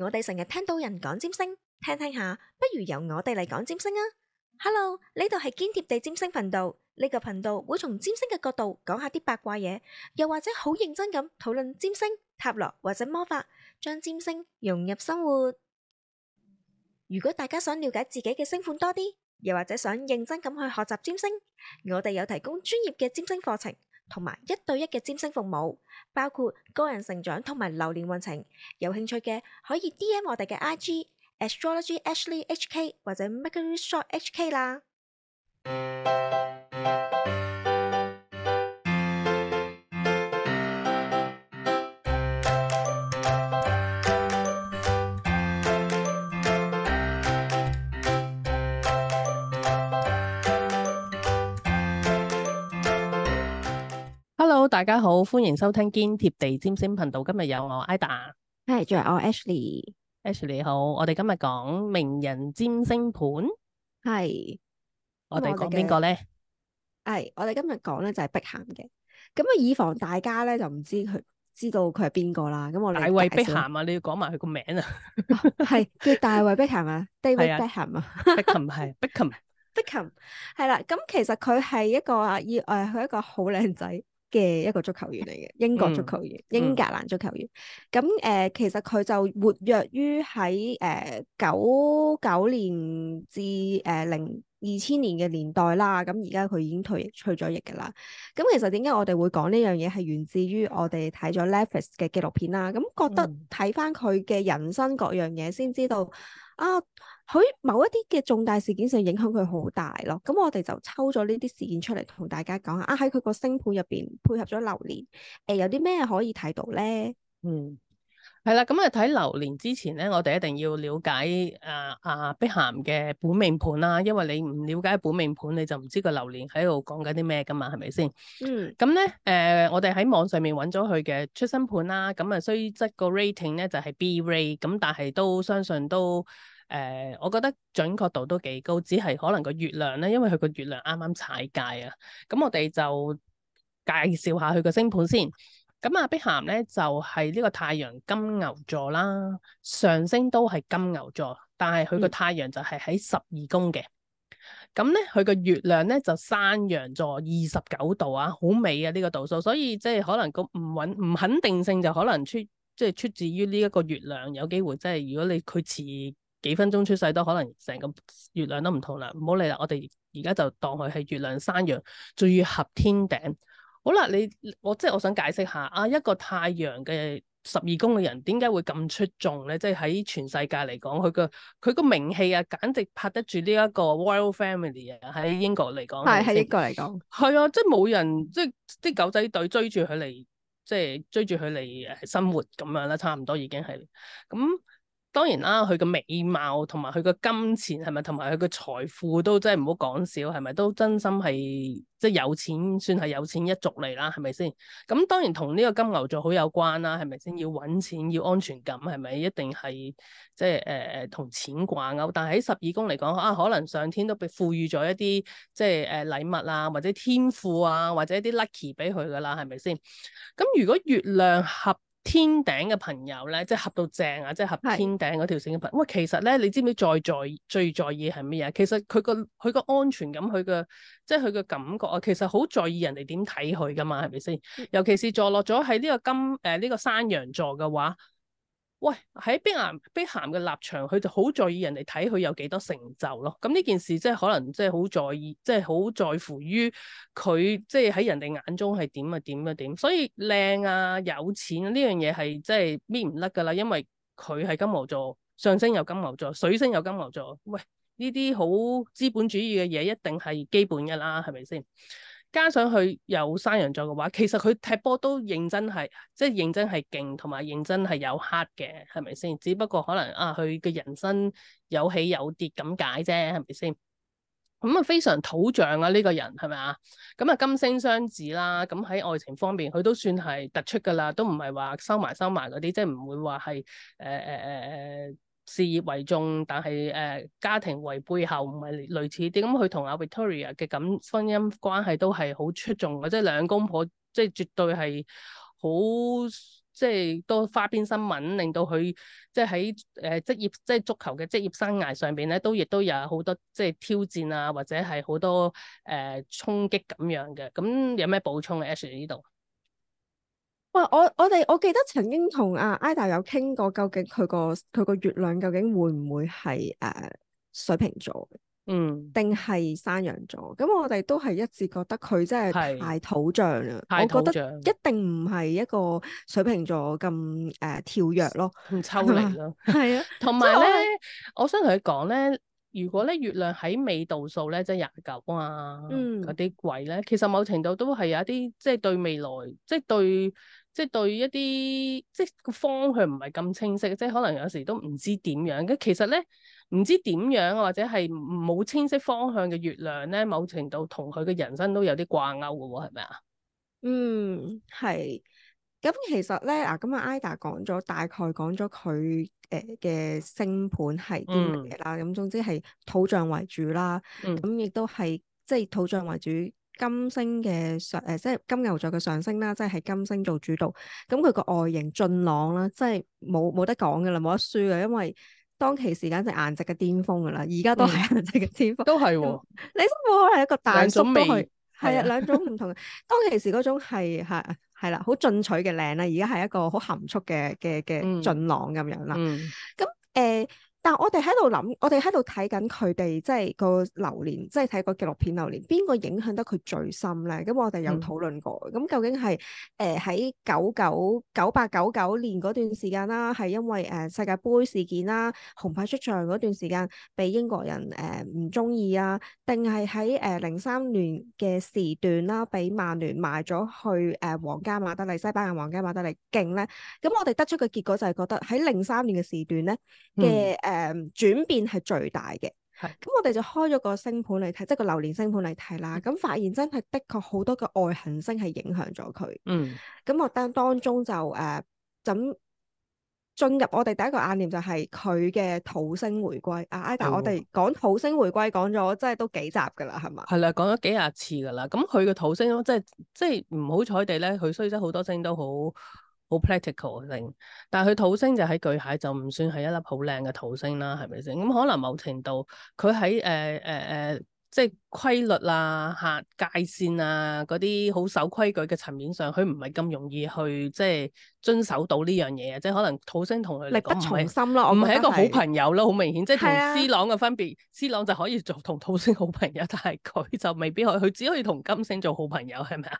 我哋成日聽到人講占星，聽聽下，不如由我哋嚟講占星啊！Hello，呢度係堅貼地占星頻道，呢個頻道會從占星嘅角度講下啲八卦嘢，又或者好認真咁討論占星、塔羅或者魔法，將占星融入生活。如果大家想了解自己嘅星盤多啲，又或者想認真咁去學習占星，我哋有提供專業嘅占星課程。同埋一對一嘅占星服務，包括個人成長同埋流年運程。有興趣嘅可以 DM 我哋嘅 IG Astrology Ashley HK 或者 Mercury Shop HK 啦。大家好，歡迎收聽堅貼地占星頻道。今日有我 IDA，係仲有我 Ashley，Ashley 好。我哋今日講名人占星盤，係是我哋講邊個咧？係我哋今日講咧就係碧咸嘅。咁啊，以防大家咧就唔知佢知道佢係邊個啦。咁我大衛碧咸啊，你要講埋佢個名、 哦、啊？係叫大衛碧咸啊，David 碧咸，的行啊，碧咸係碧咸碧咸係啦。咁 其實佢係一個要誒，佢、哎、一個好靚仔。嘅一個足球員嚟嘅，英國足球員、嗯、英格蘭足球員。咁誒、嗯呃，其實佢就活躍於喺誒九九年至誒、呃、零，二千年嘅年代啦，咁而家佢已經退役退咗役噶啦。咁其實點解我哋會講呢樣嘢，係源自於我哋睇咗 Netflix 嘅紀錄片啦。咁覺得睇翻佢嘅人生各樣嘢，先、嗯、知道啊，佢某一啲嘅重大事件上影響佢好大咯。咁我哋就抽咗呢啲事件出嚟同大家講下啊，喺佢個星盤入邊配合咗流年，誒、呃，有啲咩可以睇到咧？嗯。係啦，咁啊睇流年之前咧，我哋一定要了解啊啊碧咸嘅本命盤啦，因為你唔了解本命盤，你就唔知個流年喺度講緊啲咩噶嘛，係咪先？嗯。咁咧，誒、呃，我哋喺網上面揾咗佢嘅出生盤啦，咁啊雖則個 rating 咧就係 B ray，咁但係都相信都，誒、呃，我覺得準確度都幾高，只係可能個月亮咧，因為佢個月亮啱啱踩界啊，咁我哋就介紹下佢個星盤先。咁阿碧咸咧就係、是、呢個太陽金牛座啦，上升都係金牛座，但係佢個太陽就係喺十二宮嘅。咁咧佢個月亮咧就山羊座二十九度啊，好美啊呢個度數，所以即係可能個唔穩唔肯定性就可能出即係、就是、出自於呢一個月亮，有機會即係如果你佢遲幾分鐘出世都可能成個月亮都唔同啦，唔好理啦，我哋而家就當佢係月亮山羊，最合天頂。好啦，你我即係我想解釋下啊，一個太陽嘅十二宮嘅人，點解會咁出眾咧？即係喺全世界嚟講，佢個佢個名氣啊，簡直拍得住呢對一個 Royal Family 啊！喺英國嚟講，係係呢個嚟講，係啊，即係冇人即係啲狗仔隊追住佢嚟，即係追住佢嚟誒生活咁樣啦，差唔多已經係咁。當然啦，佢個美貌同埋佢個金錢係咪？同埋佢個財富都真係唔好講少，係咪都真心係即係有錢，算係有錢一族嚟啦，係咪先？咁當然同呢個金牛座好有關啦，係咪先？要揾錢，要安全感，係咪一定係即係誒誒同錢掛鈎？但係喺十二宮嚟講，啊可能上天都被賦予咗一啲即係誒、呃、禮物啊，或者天賦啊，或者一啲 lucky 俾佢噶啦，係咪先？咁如果月亮合天頂嘅朋友咧，即係合到正啊，即係合天頂嗰條線嘅朋友。是其實咧，你知唔知在在最在意係咩啊？其實佢個佢個安全感，佢嘅即係佢嘅感覺啊，其實好在意人哋點睇佢噶嘛，係咪先？ 尤其是坐落咗喺呢個金誒呢、呃呢個山羊座嘅話。喂，喺碧咸碧咸嘅立場，佢就好在意人哋睇佢有幾多成就咯。咁、嗯、呢件事即係可能即係好在意，即係好在乎於佢即係喺人哋眼中係點啊點啊點。所以靚啊，有錢呢樣嘢係即係搣唔甩噶啦，因為佢係金牛座上升有金牛座，水星有金牛座。喂，呢啲好資本主義嘅嘢一定係基本噶啦，係咪先？加上佢有山羊座嘅話，其實佢踢波都認真係，即係認真係勁，同埋認真係有黑嘅，係咪先？只不過可能啊，佢嘅人生有起有跌咁解啫，係咪先？咁啊，非常土象啊呢個人係咪啊？咁啊金星雙子啦，咁喺愛情方面佢都算係突出噶啦，都唔係話收埋收埋嗰啲，即係唔會話係誒誒誒誒。呃呃事業為重，但係誒、呃、家庭為背後，唔係類似啲咁。佢同阿 Victoria 嘅咁婚姻關係都係好出眾，即係兩公婆即係絕對係好即係多花邊新聞，令到佢即係喺誒職業即係足球嘅職業生涯上邊咧，都亦都有好多即係挑戰啊，或者係好多誒衝、呃、擊咁樣嘅。咁有咩補充啊？Ash 呢度？我我哋我記得曾經同阿 Ida 有傾過，究竟佢個佢個月亮究竟會唔會係誒、呃、水瓶座？嗯，定係山羊座？咁我哋都係一致覺得佢真係太土象啦。土象我覺得一定唔係一個水瓶座咁誒、呃、跳躍咯，咁抽離咯。係 啊，同埋咧，我，我想同你講咧，如果咧月亮喺未度數咧，即係廿九啊，嗰啲鬼咧，其實某程度都係有一啲，即係對未來，即係對。即係對一啲即係個方向唔係咁清晰，即係可能有時都唔知點樣。咁其實咧，唔知點樣或者係冇清晰方向嘅月亮咧，某程度同佢嘅人生都有啲掛鈎嘅喎，係咪啊？嗯，係。咁其實咧，嗱，咁阿 IDA 講咗大概講咗佢誒嘅星盤係啲乜嘢啦。咁、嗯、總之係土象為主啦。咁亦都係即係土象為主。嗯金星嘅上，誒、呃、即係金牛座嘅上升啦，即係喺金星做主導，咁佢個外形俊朗啦，即係冇冇得講嘅啦，冇得輸嘅，因為當其時簡直係顏值嘅巔峰嘅啦，而家都係顏值嘅巔峰。嗯、為都係喎、哦。你辛苦係一個大叔都係，係啊兩種唔、啊啊、同嘅。當其時嗰種係係啦，好、啊啊、進取嘅靚啦，而家係一個好含蓄嘅嘅嘅俊朗咁樣啦。咁誒、嗯。嗯嗯但我哋喺度諗，我哋喺度睇緊佢哋即係個流年，即係睇個紀錄片流年，邊個影響得佢最深咧？咁我哋有討論過。咁究竟係誒喺九九九八九九年嗰段時間啦，係因為誒世界盃事件啦，紅牌出場嗰段時間俾英國人誒唔中意啊？定係喺誒零三年嘅時段啦，俾曼聯賣咗去誒皇家馬德里、西班牙皇家馬德里勁咧？咁我哋得出嘅結果就係覺得喺零三年嘅時段咧嘅。誒、轉、嗯、變係最大嘅，咁的我哋就開咗個星盤嚟睇，即係個流年星盤嚟睇啦，咁發現真係的確好多個外行星係影響咗佢。嗯，咁我當當中就誒、怎、呃、進入我哋第一個眼念就係佢嘅土星回歸啊！Ida，我哋講土星回歸講咗，即係都幾集噶啦，係嘛？係啦，講咗幾廿次噶啦，咁佢嘅土星咯，即係即係唔好彩地咧，佢衰咗好多星都好。好 practical 啊，星，星，但係佢土星就喺巨蟹，就唔算係一粒好靚嘅土星啦，係咪先？咁可能某程度，佢喺誒誒誒，即係規律啊、界線啊嗰啲好守規矩嘅層面上，佢唔係咁容易去即係遵守到呢樣嘢，即係可能土星同佢力不從心咯，唔係一個好朋友咯，好明顯，即係同 C 朗嘅分別，C、啊、朗就可以做同土星好朋友，但係佢就未必可以，佢只可以同金星做好朋友，係咪啊？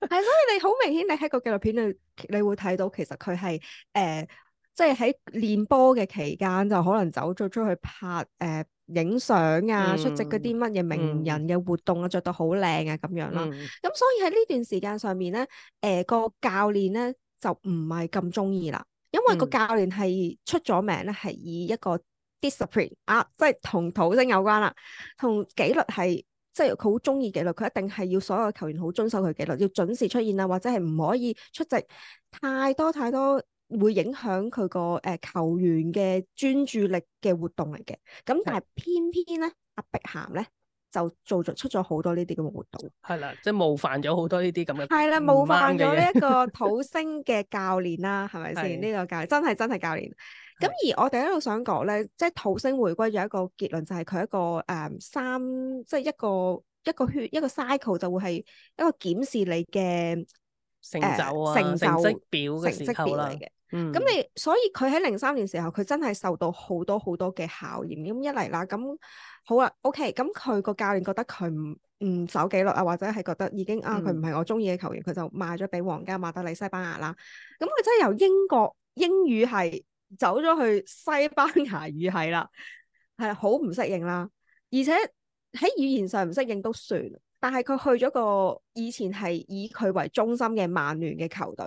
係， 所以你好明顯，你喺個紀錄片度，你會睇到其實佢係誒，即係喺練波嘅期間就可能走咗出去拍誒影相啊，嗯、出席嗰啲乜嘢名人嘅活動、嗯、得啊，着到好靚啊咁樣啦。咁、嗯、所以喺呢段時間上面咧，誒、呃、個教練咧就唔係咁中意啦，因為個教練係出咗名咧，係以一個 discipline 啊，即係同土星有關啦，同紀律係。即係佢好中意紀律，佢一定係要所有嘅球員好遵守佢紀律，要準時出現啊，或者係唔可以出席太多太多會影響佢個誒球員嘅專注力嘅活動嚟嘅。咁但係偏偏咧，阿碧咸咧就做咗出咗好多呢啲咁嘅活動。係啦，即係冒犯咗好多呢啲咁嘅係啦，冒犯咗呢一個土星嘅教練啦，係咪先？呢的個教練真係真係教練。真是真是教練。咁、嗯、而我哋一路想講咧，即係土星回歸咗一個結論，就係、是、佢一個誒、呃、三，即係一個一個圈一個 cycle 就會係一個檢視你嘅、呃、成就啊成就成績表嘅時候嚟嘅。咁、嗯、你所以佢喺零三年時候，佢真係受到好多好多嘅考驗。咁一嚟啦，咁好啦，OK，咁佢個教練覺得佢唔唔守紀律啊，或者係覺得已經、嗯、啊佢唔係我中意嘅球員，佢就賣咗俾皇家馬德里西班牙啦。咁佢真係由英國英語係。走咗去西班牙語系啦，係好唔適應啦，而且喺語言上唔適應都算，但係佢去咗個以前係以佢為中心嘅曼聯嘅球隊，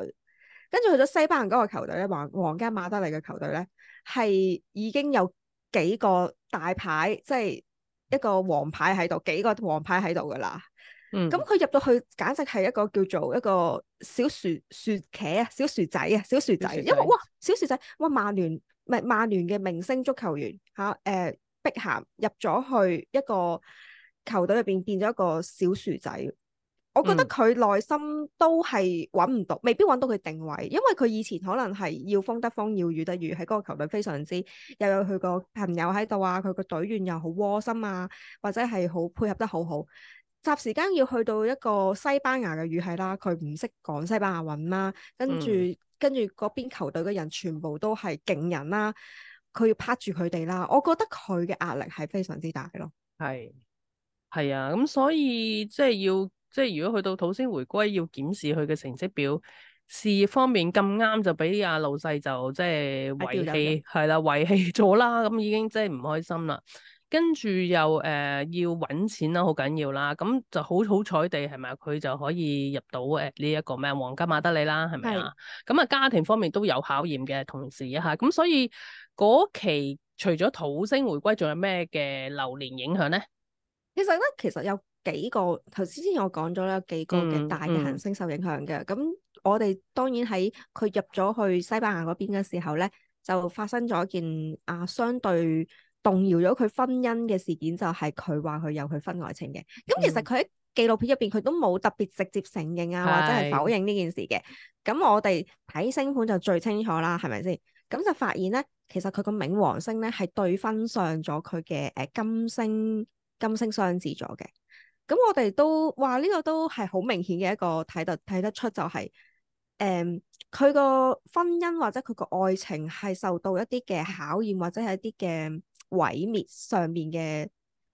跟住去咗西班牙嗰個球隊咧，皇皇家馬德里嘅球隊咧，係已經有幾個大牌，即係一個黃牌喺度，幾個黃牌喺度噶啦。咁佢入到去，簡直係一個叫做一個小薯薯茄啊，小薯仔啊，小薯仔。薯仔薯仔，因為哇，小薯仔，哇，曼聯唔係曼聯嘅明星足球員吓，誒、啊，碧、呃、咸入咗去一個球隊入邊，變咗一個小薯仔。我覺得佢內心都係搵唔到，未必搵到佢定位，因為佢以前可能係要風得風，要雨得雨，喺嗰個球隊非常之又有佢個朋友喺度啊，佢個隊員又好窩心啊，或者係好配合得好好。霎時間要去到一個西班牙嘅語系啦，佢唔識講西班牙語啦，跟住、嗯、跟住嗰邊球隊嘅人全部都係勁人啦，佢要拍住佢哋啦，我覺得佢嘅壓力係非常之大咯。係係啊，咁、嗯、所以即係要即係如果去到土星回歸要檢視佢嘅成績表，事業方面咁啱就俾阿老細就即係遺棄係啦、啊，遺棄咗啦，咁、嗯、已經即係唔開心啦。跟住又誒、呃、要揾錢啦，好緊要啦，咁就好好彩地係咪佢就可以入到誒呢一個咩啊，皇家馬德里啦，係咪啊？咁啊是家庭方面都有考驗嘅，同時啊，咁所以嗰期除咗土星回歸，仲有咩嘅流年影響咧？其實咧，其實有幾個頭先之前我講咗咧，有幾個嘅大嘅行星受影響嘅。咁、嗯嗯、我哋當然喺佢入咗去西班牙嗰邊嘅時候咧，就發生咗一件啊，相對。動搖咗佢婚姻嘅事件，就係佢話佢有佢婚外情嘅。咁其實佢喺紀錄片入邊，佢都冇特別直接承認啊，或者係否認呢件事嘅。咁的我哋睇星盤就最清楚啦，係咪先？咁就發現咧，其實佢個冥王星咧係對分上咗佢嘅誒金星，金星雙子座嘅。咁我哋都話呢、這個都係好明顯嘅一個睇得睇得出就係誒佢個婚姻或者佢個愛情係受到一啲嘅考驗，或者係一啲嘅。毀滅上面嘅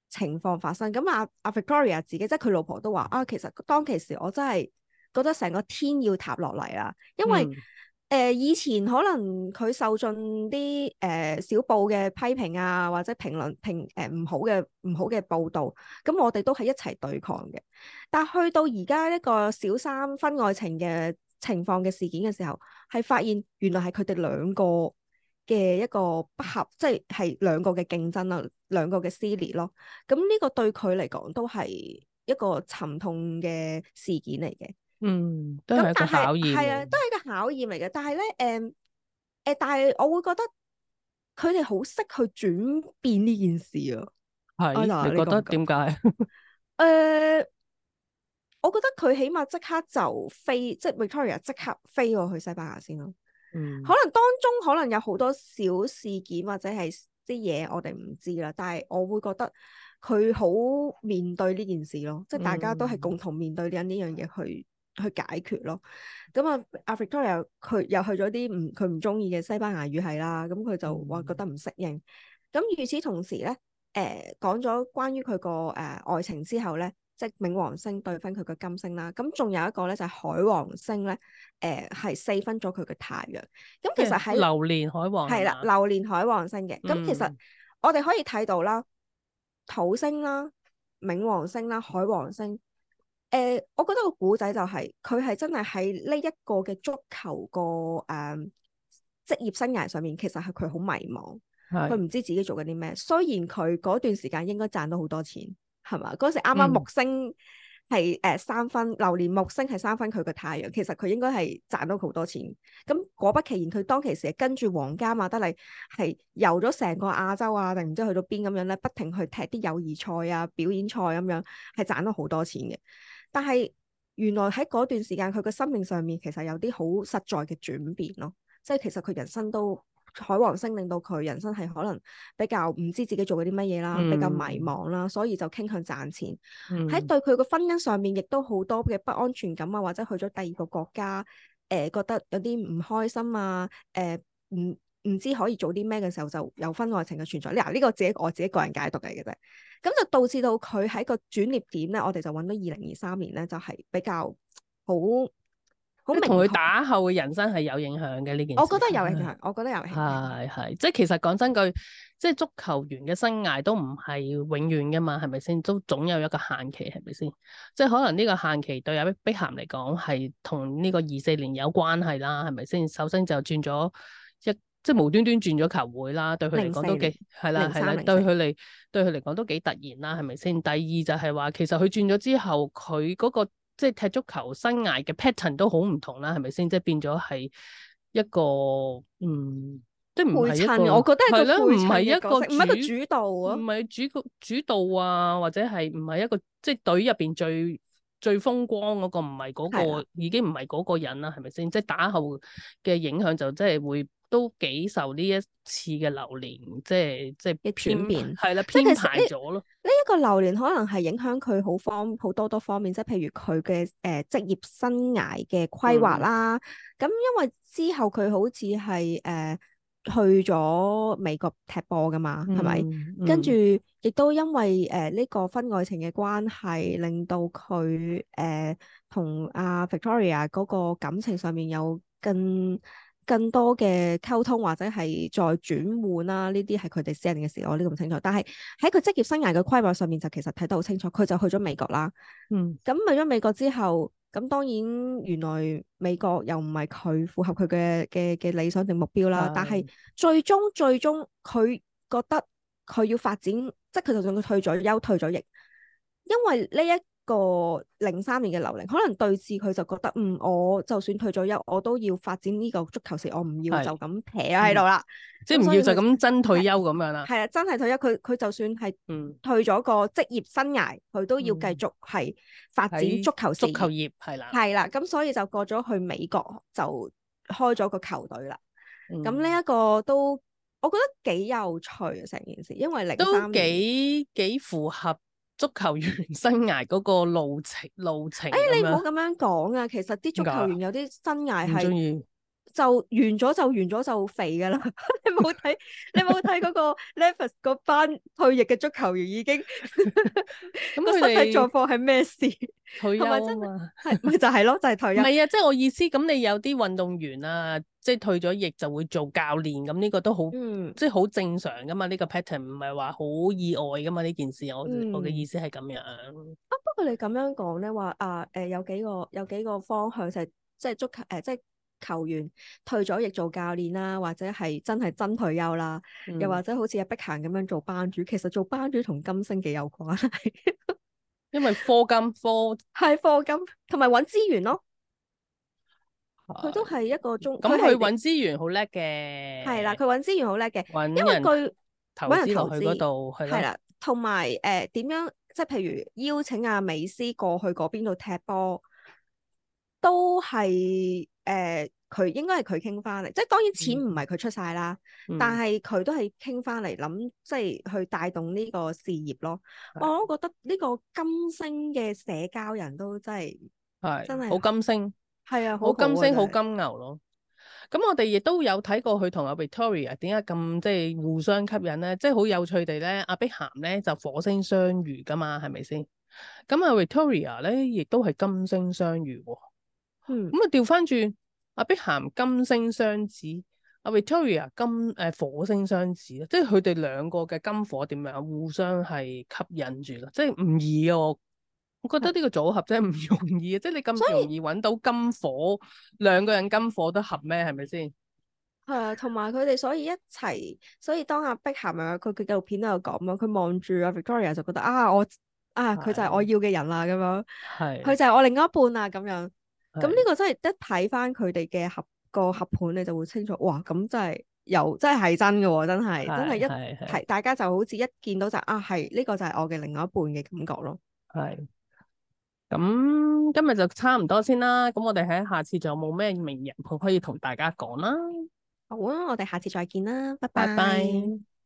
情況發生，咁阿阿 Victoria 自己即係佢老婆都話啊，其實當其時我真係覺得成個天要塌落嚟啦，因為誒、嗯呃、以前可能佢受盡啲誒、呃、小報嘅批評啊，或者評論評誒唔、呃、好嘅唔好嘅報道，咁我哋都係一齊對抗嘅，但係去到而家呢個小三分愛情嘅情況嘅事件嘅時候，係發現原來係佢哋兩個。嘅一個不合，即係係兩個嘅競爭啊，兩個嘅撕裂咯。咁呢個對佢嚟講都係一個沉痛嘅事件嚟嘅。嗯，咁但係係啊，都係一個考驗嚟嘅、嗯。但係咧，誒、嗯、誒、呃，但係我會覺得佢哋好識去轉變呢件事啊。係是，oh、no, 你覺得點解？誒什 呃，我覺得佢起碼即刻就飛，即、就、係、是、Victoria 即刻飛過去西班牙先咯。可能當中可能有好多小事件或者係啲嘢我哋唔知啦，但係我會覺得佢好面對呢件事咯，即係大家都係共同面對呢呢樣嘢去、嗯、去解決咯。咁啊 Victoria 佢又去咗啲唔佢唔中意嘅西班牙語係啦，咁佢就話、嗯、覺得唔適應。咁與此同時咧，誒、呃、講咗關於佢個誒愛情之後咧。即冥王星對分佢個金星啦，咁仲有一個咧就係、是、海王星咧，誒、呃、係四分咗佢嘅太陽。咁其實喺流年海王係啦，流年海王星嘅。咁、嗯、其實我哋可以睇到啦，土星啦、冥王星啦、海王星。誒、呃，我覺得個古仔就係佢係真係喺呢一個嘅、就是、足球個誒職業生涯上面，其實係佢好迷茫，佢唔知自己做緊啲咩。雖然佢嗰段時間應該賺到好多錢。係嘛？嗰時啱啱木星係誒三分，流年、嗯、木星係三分佢個太陽，其實佢應該係賺到好多錢。咁果不其然，佢當其時係跟住皇家馬德里係遊咗成個亞洲啊，定唔知去到邊咁樣咧，不停去踢啲友誼賽啊、表演賽咁樣，係賺到好多錢嘅。但係原來喺嗰段時間，佢個生命上面其實有啲好實在嘅轉變咯，即係其實佢人生都。海王星令到佢人生係可能比較唔知自己做咗啲乜嘢啦，嗯、比較迷茫啦，所以就傾向賺錢。喺、嗯、對佢嘅婚姻上面，亦都好多嘅不安全感啊，或者去咗第二個國家，誒、呃、覺得有啲唔開心啊，誒唔唔知可以做啲咩嘅時候，就有婚外情嘅存在。嗱、啊，呢、這個自己我自己個人解讀嚟嘅啫，咁就導致到佢喺個轉捩點咧，我哋就揾到二零零三年咧，就係、是、比較好。咁同佢打後嘅人生係有影響嘅呢件事。我覺得有影響。 我覺得有影響。係係係即係其實講真句，即係足球員嘅生涯都唔係永遠噶嘛，係咪先？都總有一個限期，係咪先？即係可能呢個限期對阿碧咸嚟講係同呢個二四年有關係啦，係咪先？首先就轉咗一，即係無端端轉咗球會啦，對佢嚟講都幾係年啦係啦，對佢嚟對佢嚟講都幾突然啦，係咪先？第二就係話，其實佢轉咗之後，佢嗰個。即係踢足球生涯嘅 pattern 都好唔同啦，係咪先？即係變咗係一個嗯，即係唔係一個，我覺得係咯，唔係一個唔係一個主導啊，唔係主個主，主導啊，或者係唔係一個即係隊入邊最最風光嗰個，唔係嗰個已經唔係嗰個人啦，係咪先？即係打後嘅影響就即係會。都幾受呢一次嘅流年，即係即係編編，係啦，編排咗咯。呢一、呢個流年可能係影響佢好方好多多方面，即係譬如佢嘅誒職業生涯嘅規劃啦。咁、嗯、因為之後佢好似係誒去咗美國踢波㗎嘛，係咪？跟住亦都因為誒呢、呃呢個婚外情嘅關係，令到佢誒同、呃、阿、啊、Victoria 嗰個感情上面有更更多嘅溝通或者係再轉換啦，呢啲係佢哋私人嘅事，我呢個唔清楚。但係喺佢職業生涯嘅規劃上面，就其實睇得好清楚。佢就去咗美國啦。嗯，咁去咗美國之後，咁當然原來美國又唔係佢符合佢嘅嘅嘅理想定目標啦。的但係最終最終佢覺得佢要發展，即係佢就算、是、佢退咗休、退咗役，因為呢一個零三年嘅流年，可能對峙佢就覺得，嗯，我就算退咗休，我都要發展呢個足球事業我唔要的就咁撇喺度啦。即係唔要就咁真退休咁樣啦。係啦，真係退休，佢佢就算係退咗個職業生涯，佢都要繼續係發展足球事業。嗯、足球業係啦，係啦，咁所以就過咗去美國，就開咗個球隊啦。咁呢一個都，我覺得幾有趣成件事，因為零三都幾幾符合。足球員生涯嗰個路程路程，誒、哎，你唔好咁樣講啊！其實啲足球員有啲生涯係。是就完咗就完咗就肥噶啦！ 你冇睇 你冇睇嗰個 Netflix 嗰班退役嘅足球員已經咁個、 嗯、 身體狀況係咩事？退休啊嘛，真係咪就係咯？就係、是就是、退休。唔係啊，即、就、係、是、我意思，咁你有啲運動員啊，即、就、係、是、退咗役就會做教練，咁呢個都好，即係好正常噶嘛。呢、這個 pattern 唔係話好意外噶嘛。呢件事我、嗯、我嘅意思係咁樣，樣。啊，不過你咁樣講咧話啊，誒，有幾個有幾個方向就即係足球誒、呃，即係。球員退咗役做教練啦，或者係真係真退休啦，嗯、又或者好似阿碧咸咁樣做班主。其實做班主同金星幾有關係， 因為科金科係科金，同埋搵資源咯。佢、啊、都係一個中咁，佢搵資源好叻嘅。係啦，佢搵資源好叻嘅，找人 因為佢搵人投資嗰度係啦，同埋誒點樣？即係譬如邀請阿美斯過去嗰邊度踢波，都係。誒佢、呃、應該係佢傾翻嚟，即係當然錢唔係佢出晒啦，嗯、但係佢都係傾翻嚟諗，即係去帶動呢個事業咯。的我覺得呢個金星嘅社交人都真係係的真係好金星，係啊，好金星，好金牛咯。咁我哋亦都有睇過佢同阿 Victoria 點解咁即係、就是、互相吸引咧，即係好有趣地咧。阿碧咸咧就火星雙魚噶嘛，係咪先？咁阿 Victoria 咧亦都係金星雙魚喎。嗯，咁、嗯、啊，調翻轉阿碧咸金、呃、星雙子，阿 Victoria 金誒火星雙子啊，即係佢哋兩個嘅金火點樣啊？互相係吸引住咯，即係唔易啊！我我覺得呢個組合真係唔容易啊！的即係你咁容易搵到金火兩以個人金火都合咩？係咪先？係啊，同埋佢哋所以一齊，所以當阿碧咸咪佢佢嘅紀錄片度講啊，佢望住 Victoria 就覺得啊，我啊佢就係我要嘅人啦，咁樣係，佢的就係我另一半啊，咁樣。咁呢個真係一睇翻佢哋嘅合個合盤，你就會清楚，哇！咁真係有，真係係真嘅，是真係真係一睇，大家就好似一見到就啊係呢個就係我嘅另外一半嘅感覺咯。係，咁今日就差唔多先啦。咁我哋喺下次仲有冇咩名人可以同大家講啦？好啊，我哋下次再見啦，拜拜。Bye bye